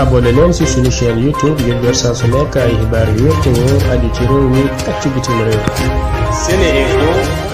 abonné leen ci suñu chaîne YouTube ngir jot saa su nekk ay xibaar yu wér te wóor aju ci réew mi ak ci bitim réew.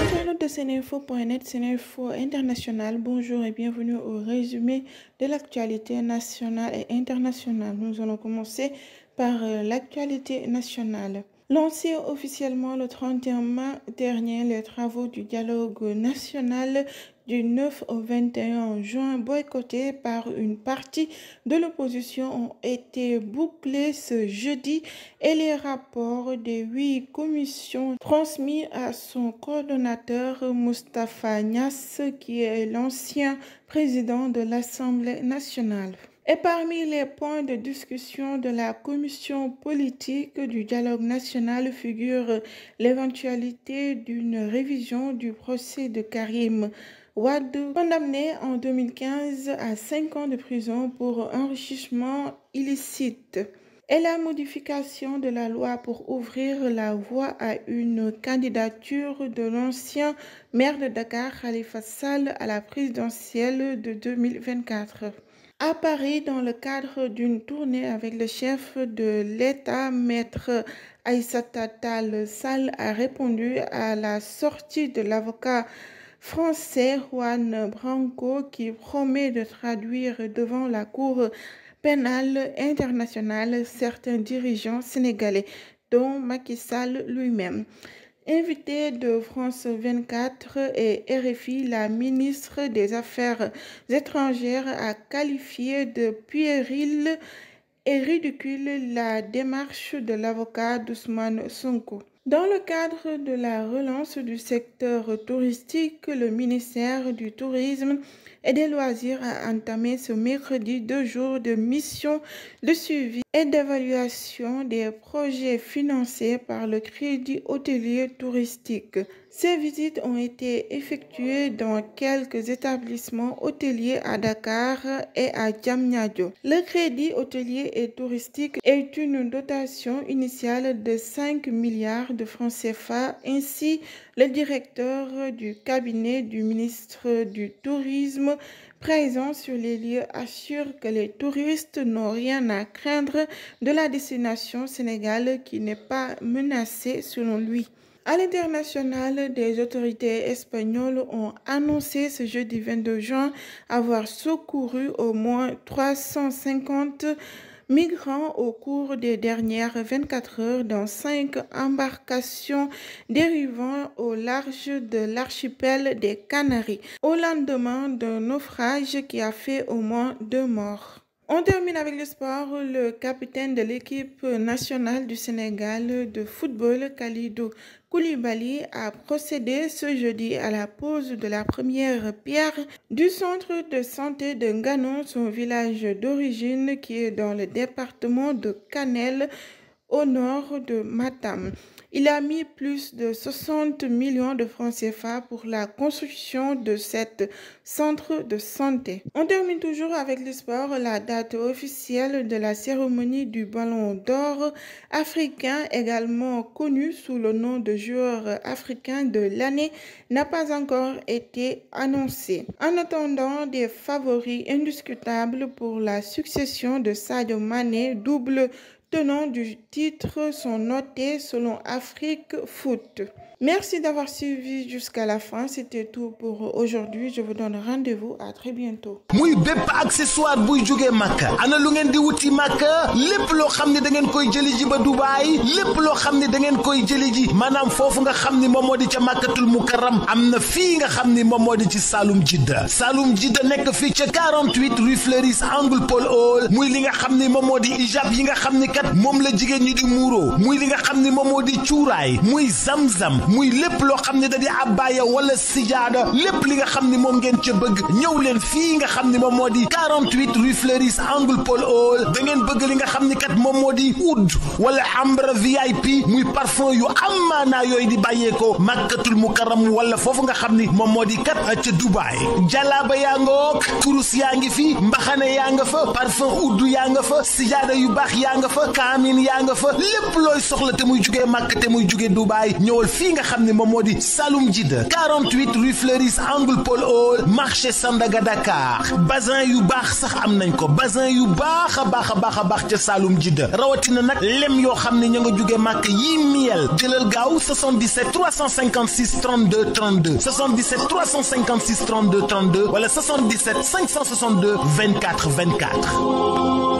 Internautes de Seneinfo.net, Seneinfo International, bonjour et bienvenue au résumé de l'actualité nationale et internationale. Nous allons commencer par euh, l'actualité nationale. Lancé officiellement le 31 mai dernier, les travaux du dialogue national du 9 au 21 juin boycottées par une partie de l'opposition ont été bouclées ce jeudi et les rapports des huit commissions transmis à son coordonnateur Moustapha Niass qui est l'ancien président de l'Assemblée nationale. Et parmi les points de discussion de la commission politique du dialogue national figure l'éventualité d'une révision du procès de Karim Wade, condamné en 2015 à 5 ans de prison pour enrichissement illicite et la modification de la loi pour ouvrir la voie à une candidature de l'ancien maire de Dakar, Khalifa Sall, à la présidentielle de 2024. À Paris, dans le cadre d'une tournée avec le chef de l'État, maître Aïssata Tal Sall a répondu à la sortie de l'avocat français Juan Branco qui promet de traduire devant la Cour pénale internationale certains dirigeants sénégalais, dont Macky Sall lui-même. Invité de France 24 et RFI, la ministre des Affaires étrangères a qualifié de puérile et ridicule la démarche de l'avocat d'Ousmane Sonko. Dans le cadre de la relance du secteur touristique, le ministère du Tourisme et des Loisirs a entamé ce mercredi deux jours de mission de suivi et d'évaluation des projets financés par le Crédit hôtelier touristique. Ces visites ont été effectuées dans quelques établissements hôteliers à Dakar et à Djamnyadjo. Le Crédit hôtelier et touristique est une dotation initiale de 5 milliards de francs CFA. Ainsi, le directeur du cabinet du ministre du Tourisme présent sur les lieux assure que les touristes n'ont rien à craindre de la destination sénégale qui n'est pas menacée selon lui. À l'international, des autorités espagnoles ont annoncé ce jeudi 22 juin avoir secouru au moins 350 migrants au cours des dernières 24 heures dans cinq embarcations dérivant au large de l'archipel des Canaries, au lendemain d'un naufrage qui a fait au moins deux morts. On termine avec le sport. Le capitaine de l'équipe nationale du Sénégal de football, Khalidou Koulibaly, a procédé ce jeudi à la pose de la première pierre du centre de santé de Nganon, son village d'origine qui est dans le département de Canel, au nord de Matam. Il a mis plus de millions de francs CFA pour la construction de cet centre de santé. On termine toujours avec le sport. La date officielle de la cérémonie du Ballon d'Or africain, également connu sous le nom de joueur africain de l'année, n'a pas encore été annoncée. En attendant, des favoris indiscutables pour la succession de Sadio Mané, double tenants du titre sont notés selon Afrique Foot. Merci d'avoir suivi jusqu'à la fin. C'était tout pour aujourd'hui. Je vous donne rendez-vous à très bientôt. muy bépp accessoire buy jógee Makka ana lu ngeen di wuti Makka lépp loo xam ne da ngeen koy jëli ji ba Dubaay lépp loo xam ne da ngeen koy jëli ji maanaam foofu nga xam ni moom moo di ca Makkatul Mukarram am na fii nga xam ni moom moo di ci saalum Jidda Saloum Jidda nekk fii ca 48 rue Fleuris angle Paul Hall muy li nga xam ni moom moo di ijab yi nga xam ni kat moom la jigéen ñi di muuroo muy li nga xam ni moom moo di cuuraay muy zamzam muy lépp loo xam ne da di abbaaya wala sijaada lépp li nga xam ni moom ngeen ca bëgg ñëw leen fii nga xam ni moom moo di 48 rue Fleuris angle Paul Hall da bëgg li nga xam ni kat moom moo di oud wala ambre VIP muy parfum yu amaanaa yooyu di bàyyeekoo màkkatul mukaram wala foofu nga xam ni moom moo di kat ca Dubaay jalaaba yaa nga wook kurus yaa ngi fi mbaxane yaa nga fa parfum oud yaa nga fa sijaada yu baax yaa fa kaamin yaa nga fa lépp looy soxla te muy jugee màkk te muy jugee Dubaay ñëwal fii nga xam ne moom moo di Saloum Jidda 48 rue Fleuris angle Paul Hall marché Sandaga Dakar bazin yu baax sax am nañ ko basin yu baax a baax a baax a baax ca Saloum Jidda rawatina nag lem yoo xam ne ña nga jugee màkk yii miel jëlal gaaw 77 356 32 32 77 356 32 32 wala 77 562 24 24.